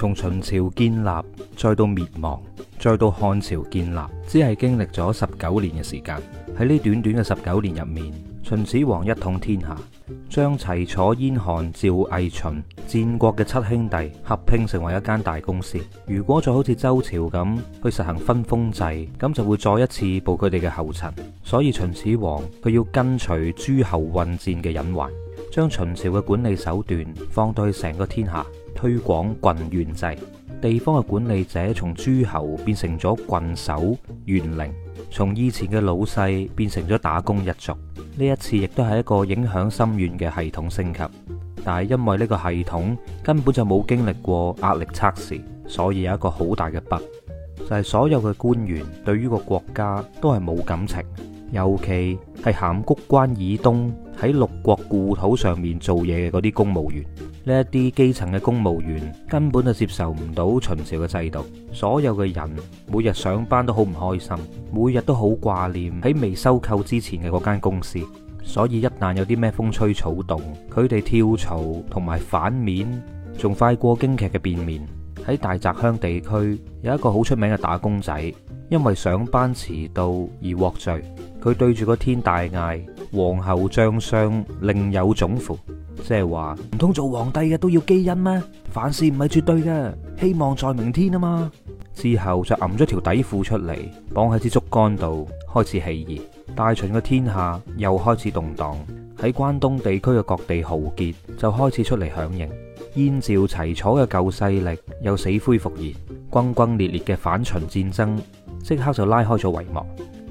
從秦朝建立再到滅亡，再到漢朝建立，只係經歷咗十九年嘅時間。喺呢短短嘅十九年入面，秦始皇一統天下，將齊、楚、燕、韓、趙、魏、秦戰國嘅七兄弟合拼成為一間大公司。如果再好似周朝咁去實行分封制，咁就會再一次步佢哋嘅後塵。所以秦始皇佢要跟隨諸侯混戰嘅隱患，將秦朝嘅管理手段放到去成個天下。推廣郡縣制，地方嘅管理者從諸侯變成咗郡守、縣令，從以前嘅老細變成咗打工一族。呢一次亦都係一個影響深遠嘅系統升級，但係因為呢個系統根本就冇經歷過壓力測試，所以有一個好大嘅弊，就係所有嘅官員對於個國家都係冇感情，尤其係函谷關以東。喺六國故土上面做嘢嘅嗰啲公務員，呢一啲基層嘅公務員根本就接受唔到秦朝嘅制度，所有嘅人每日上班都好唔開心，每日都好掛念喺未收購之前嘅嗰間公司，所以一旦有啲咩風吹草動，佢哋跳槽同埋反面仲快過京劇嘅變臉。喺大澤鄉地區有一個好出名嘅打工仔，因為上班遲到而獲罪，佢對住個天大嗌。皇后將相另有種乎，即係話唔通做皇帝嘅都要基因咩？凡事唔係絕對嘅，希望在明天啊嘛。之後就揞咗條底褲出嚟，綁喺支竹竿度，開始起義。大秦嘅天下又開始動蕩，喺關東地區嘅各地豪傑就開始出嚟響應。燕趙齊楚嘅舊勢力又死灰復燃，轟轟烈烈嘅反秦戰爭即刻就拉開咗帷幕。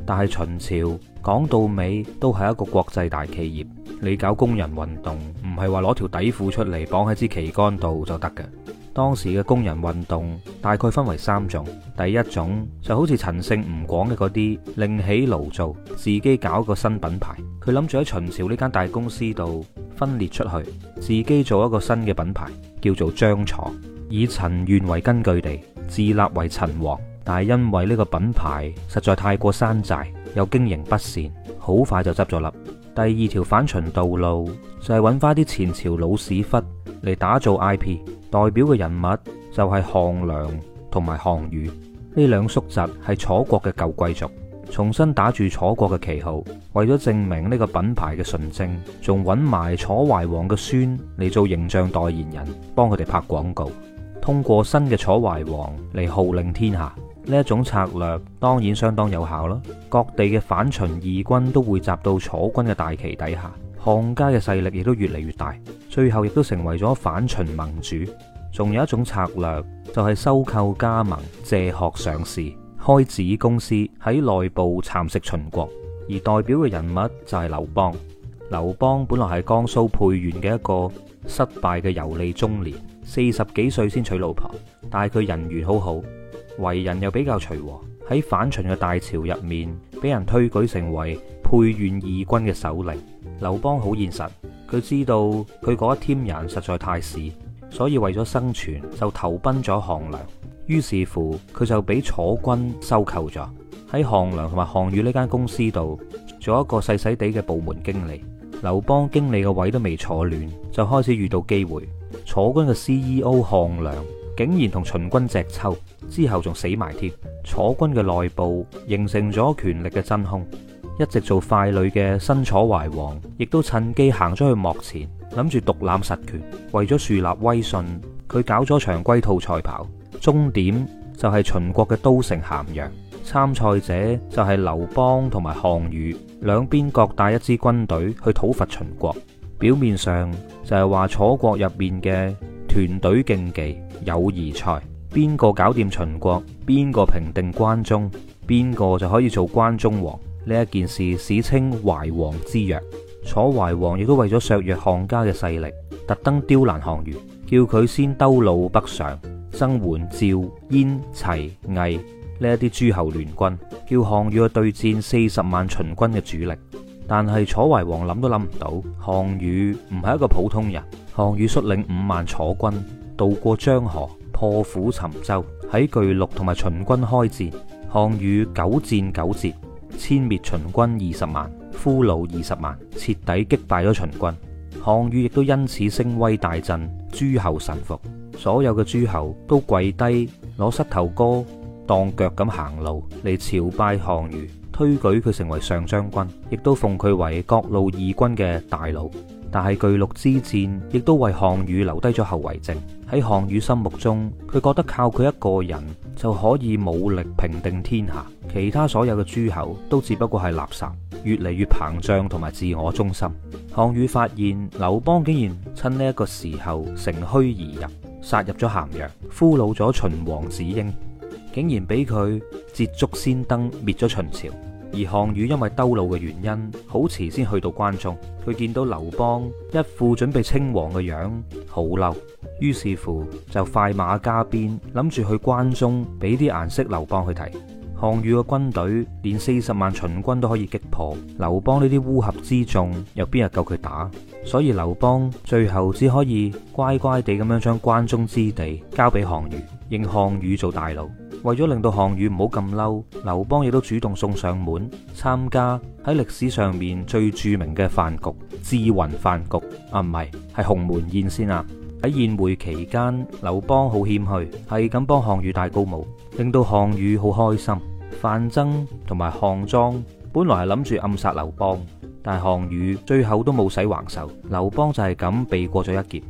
但係秦朝講到尾都係一個國際大企業，你搞工人運動唔係話攞條底褲出嚟綁喺支旗杆度就得嘅。當時嘅工人運動大概分為三種，第一種就好似陳勝吳廣嘅嗰啲，另起爐灶，自己搞一個新品牌，佢諗住喺秦朝呢間大公司度分裂出去，自己做一個新嘅品牌，叫做張楚，以陳縣為根據地，自立為陳王。但係因為呢個品牌實在太過山寨，又經營不善，好快就執咗笠。第二條反秦道路就係揾翻啲前朝老屎忽嚟打造 IP，代表嘅人物就係項梁同埋項羽呢兩叔侄，係楚國嘅舊貴族，重新打住楚國嘅旗號，為咗證明呢個品牌嘅純正，仲揾埋楚懷王嘅孫嚟做形象代言人，幫佢哋拍廣告，通過新嘅楚懷王嚟號令天下。呢一種策略當然相當有效啦，各地嘅反秦義軍都會集到楚軍嘅大旗底下，漢家嘅勢力亦都越嚟越大，最後亦都成為咗反秦盟主。仲有一種策略就係、是、收購加盟、借殼上市、開子公司喺內部蠶食秦國，而代表嘅人物就係劉邦。劉邦本來係江蘇沛縣嘅一個失敗嘅遊歷中年，四十幾歲先娶老婆，但係佢人緣好好。為人又比較隨和，喺反秦嘅大潮入面，俾人推舉成為沛縣義軍嘅首領。劉邦好現實，佢知道佢嗰一隊人實在太屎，所以為咗生存就投奔咗項梁。於是乎，佢就俾楚軍收購咗，喺項梁同埋項羽呢間公司度做一個細細地嘅部門經理。劉邦經理嘅位都未坐暖，就開始遇到機會。楚軍嘅 CEO 項梁竟然同秦軍隻揪。之後仲死埋添。楚軍嘅內部形成咗權力嘅真空，一直做傀儡嘅新楚懷王，亦都趁機行咗去幕前，諗住獨攬實權。為咗樹立威信，佢搞咗場龜兔賽跑，終點就係秦國嘅都城咸陽，參賽者就係劉邦同埋項羽，兩邊各帶一支軍隊去討伐秦國。表面上就係話楚國入面嘅團隊競技友誼賽。邊個搞掂秦國，邊個平定關中，邊個就可以做關中王。呢一件事史稱懷王之約。楚懷王亦都為咗削弱項家嘅勢力，特登刁難項羽，叫佢先兜路北上，增援趙、燕、齊、魏呢一啲諸侯聯軍，叫項羽去對戰四十萬秦軍嘅主力。但係楚懷王諗都諗唔到，項羽唔係一個普通人，項羽率領五萬楚軍渡過漳河。破釜沉舟，喺巨鹿同埋秦軍開戰，項羽九戰九捷，殲滅秦軍二十萬，俘虜二十萬，徹底擊敗咗秦軍。項羽亦都因此聲威大振，諸侯臣服，所有嘅諸侯都跪低攞膝頭哥當腳咁行路嚟朝拜項羽，推舉佢成為上將軍，亦都奉佢為各路義軍嘅大佬。但係巨鹿之戰，亦都為項羽留低咗後遺症。喺項羽心目中，佢覺得靠佢一個人就可以武力平定天下，其他所有嘅諸侯都只不過係垃圾，越嚟越膨脹同埋自我中心。項羽發現劉邦竟然趁呢一個時候乘虛而入，殺入咗咸陽，俘虜咗秦王子嬰，竟然俾佢捷足先登，滅咗秦朝。而項羽因為兜路嘅原因，好遲先去到關中。佢見到劉邦一副準備稱王嘅樣，好嬲，於是乎就快馬加鞭，諗住去關中俾啲顏色劉邦去睇。項羽嘅軍隊連四十萬秦軍都可以擊破，劉邦呢啲烏合之眾又邊日夠佢打？所以劉邦最後只可以乖乖地咁樣將關中之地交俾項羽，認項羽做大佬。為咗令到項羽唔好咁嬲，劉邦亦都主動送上門參加喺歷史上面最著名嘅飯局——智雲飯局啊，唔係係鴻門宴先啊！喺宴會期間，劉邦好謙虛，係咁幫項羽戴高帽，令到項羽好開心。范增同埋項莊本來係諗住暗殺劉邦，但係項羽最後都冇使橫手，劉邦就係咁避過咗一劫。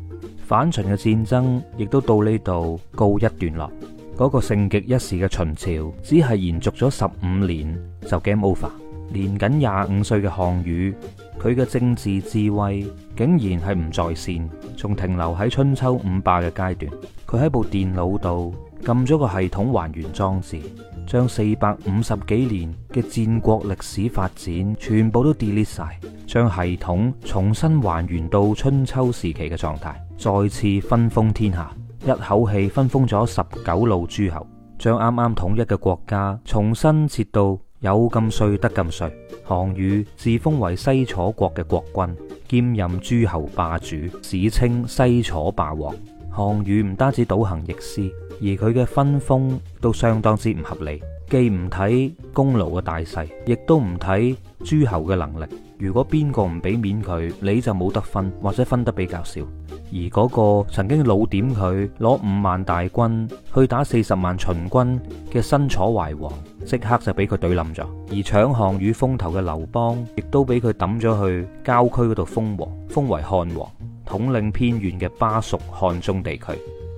反秦嘅戰爭亦都到呢度告一段落。嗰個盛極一時嘅秦朝，只係延續咗十五年就 game over。年僅廿五歲嘅項羽，佢嘅政治智慧竟然係唔在線，仲停留喺春秋五霸嘅階段。佢喺部電腦度撳咗個系統還原裝置，將四百五十幾年嘅戰國歷史發展全部都 delete 晒，將系統重新還原到春秋時期嘅狀態，再次分封天下。一口氣分封咗十九路諸侯，將啱啱統一嘅國家重新切到有咁衰得咁衰。項羽自封為西楚國嘅國君，兼任諸侯霸主，史稱西楚霸王。項羽唔單止倒行逆施，而佢嘅分封都相當之唔合理，既唔睇功勞嘅大細，亦都唔睇諸侯嘅能力。如果邊個唔俾面佢，你就冇得分，或者分得比較少。而嗰個曾經老點佢攞五萬大軍去打四十萬秦軍嘅新楚懷王，即刻就俾佢懟冧咗。而搶項羽風頭嘅劉邦，亦都俾佢抌咗去郊區嗰度封王，封為漢王，統領偏遠嘅巴蜀漢中地區。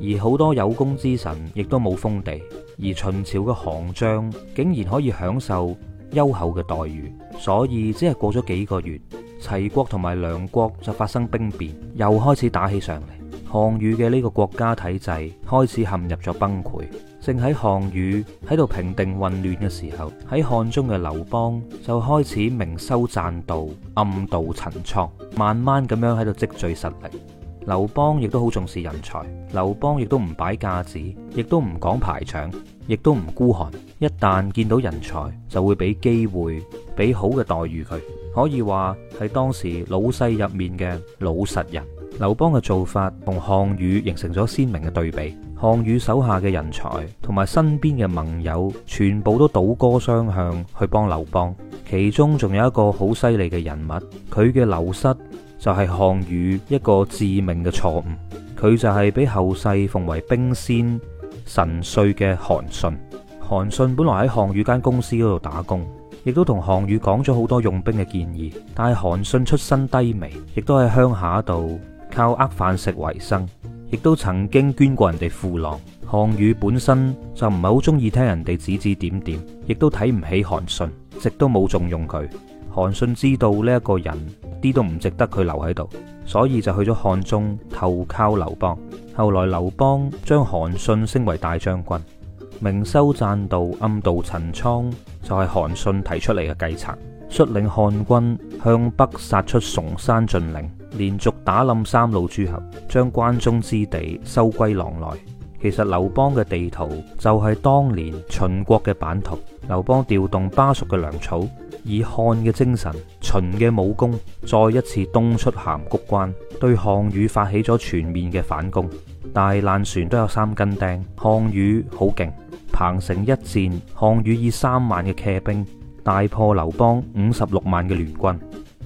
而好多有功之臣，亦都冇封地。而秦朝嘅行將，竟然可以享受優厚嘅待遇。所以只係過咗幾個月，齊國同埋梁國就發生兵變，又開始打起上嚟。項羽嘅呢個國家體制開始陷入咗崩潰。正喺項羽喺度平定混亂嘅時候，喺漢中嘅劉邦就開始明修棧道，暗渡陳倉，慢慢咁樣喺度積聚實力。劉邦亦都好重視人才，劉邦亦都唔擺架子，亦都唔講排場，亦都唔孤寒。一旦見到人才，就會俾機會。俾好嘅待遇佢，可以話係當時老細入面嘅老實人。劉邦嘅做法同項羽形成咗鮮明嘅對比。項羽手下嘅人才同埋身邊嘅盟友，全部都倒戈相向去幫劉邦。其中仲有一個好犀利嘅人物，佢嘅流失就係項羽一個致命嘅錯誤。佢就係俾後世奉為兵仙神帥嘅韓信。韓信本來喺項羽間公司嗰度打工。亦都同項羽講咗好多用兵嘅建議，但係韓信出身低微，亦都喺鄉下度靠呃飯食為生，亦都曾經捐過人哋褲浪。項羽本身就唔係好中意聽人哋指指點點，亦都睇唔起韓信，直都冇重用佢。韓信知道呢一個人點都唔值得佢留喺度，所以就去咗漢中投靠劉邦。後來劉邦將韓信升為大將軍，明修棧道，暗度陳倉。就係韓信提出嚟嘅計策，率領漢軍向北殺出崇山峻嶺，連續打冧三路諸侯，將關中之地收歸囊內。其實劉邦嘅地圖就係當年秦國嘅版圖。劉邦調動巴蜀嘅糧草，以漢嘅精神、秦嘅武功，再一次東出函谷關，對項羽發起咗全面嘅反攻。大爛船都有三根釘，項羽好勁。彭城一戰，項羽以三萬嘅騎兵大破劉邦五十六萬嘅聯軍，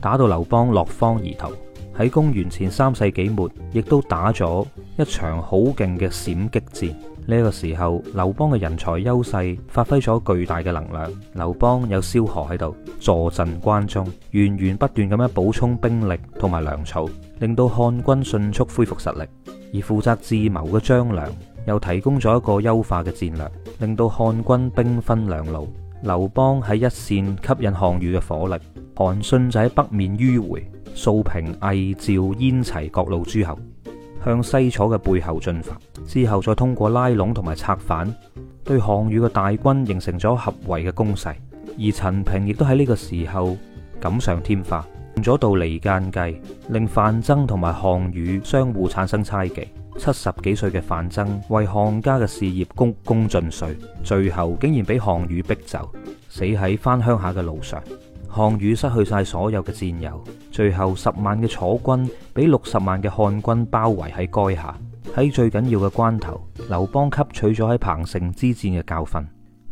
打到劉邦落荒而逃。喺公元前三世紀末，亦都打咗一場好勁嘅閃擊戰。呢、這個時候，劉邦嘅人才優勢發揮咗巨大嘅能量。劉邦有蕭何喺度坐鎮關中，源源不斷咁樣補充兵力同埋糧草，令到漢軍迅速恢復實力。而負責智謀嘅張良。又提供咗一個優化嘅戰略，令到漢軍兵分兩路。劉邦喺一線吸引項羽嘅火力，韓信就喺北面迂回，掃平魏、趙、燕、齊各路諸侯，向西楚嘅背後進發。之後再通過拉攏同埋策反，對項羽嘅大軍形成咗合圍嘅攻勢。而陳平亦都喺呢個時候錦上添花，用咗道離間計，令范增同埋項羽相互產生猜忌。七十幾歲嘅范增為漢家嘅事業鞠躬盡瘁，最後竟然俾項羽逼走，死喺翻鄉下嘅路上。項羽失去晒所有嘅戰友，最後十萬嘅楚軍俾六十萬嘅漢軍包圍喺垓下。喺最緊要嘅關頭，劉邦吸取咗喺彭城之戰嘅教訓，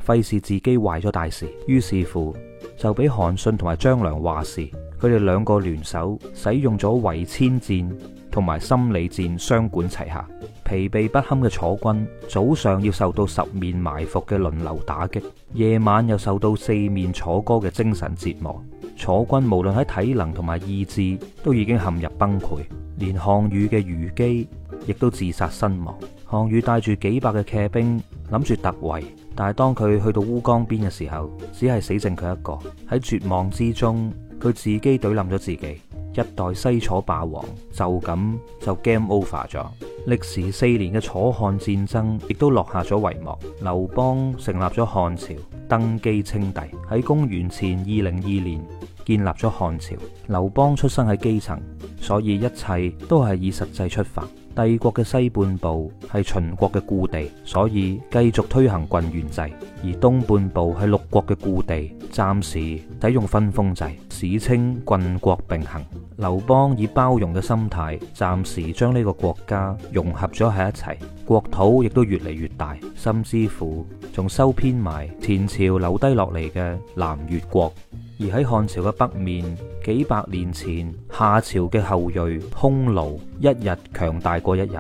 費事自己壞咗大事，於是乎就俾韓信同埋張良話事，佢哋兩個聯手使用咗圍殲戰。同埋心理戰雙管齊下，疲憊不堪嘅楚軍早上要受到十面埋伏嘅輪流打擊，夜晚又受到四面楚歌嘅精神折磨。楚軍無論喺體能同埋意志都已經陷入崩潰，連項羽嘅虞姬亦都自殺身亡。項羽帶住幾百嘅騎兵諗住突圍，但係當佢去到烏江邊嘅時候，只係死剩佢一個。喺絕望之中，佢自己懟冧咗自己。一代西楚霸王就咁就 game over 咗，歷時四年嘅楚漢戰爭亦都落下咗帷幕。劉邦成立咗漢朝，登基稱帝，喺公元前二零二年建立咗漢朝。劉邦出生喺基層，所以一切都係以實際出發。帝國嘅西半部係秦國嘅故地，所以繼續推行郡縣制；而東半部係六國嘅故地，暫時使用分封制，史稱郡國並行。劉邦以包容嘅心態，暫時將呢個國家融合咗喺一齊，國土亦都越嚟越大。甚至乎仲收編埋前朝留低落嚟嘅南越國。而喺漢朝嘅北面，幾百年前，夏朝嘅後裔匈奴一日強大過一日。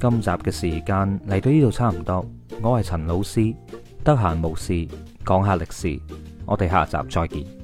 今集嘅時間嚟到呢度差唔多，我係陳老師，得閒無事講下歷史，我哋下集再見。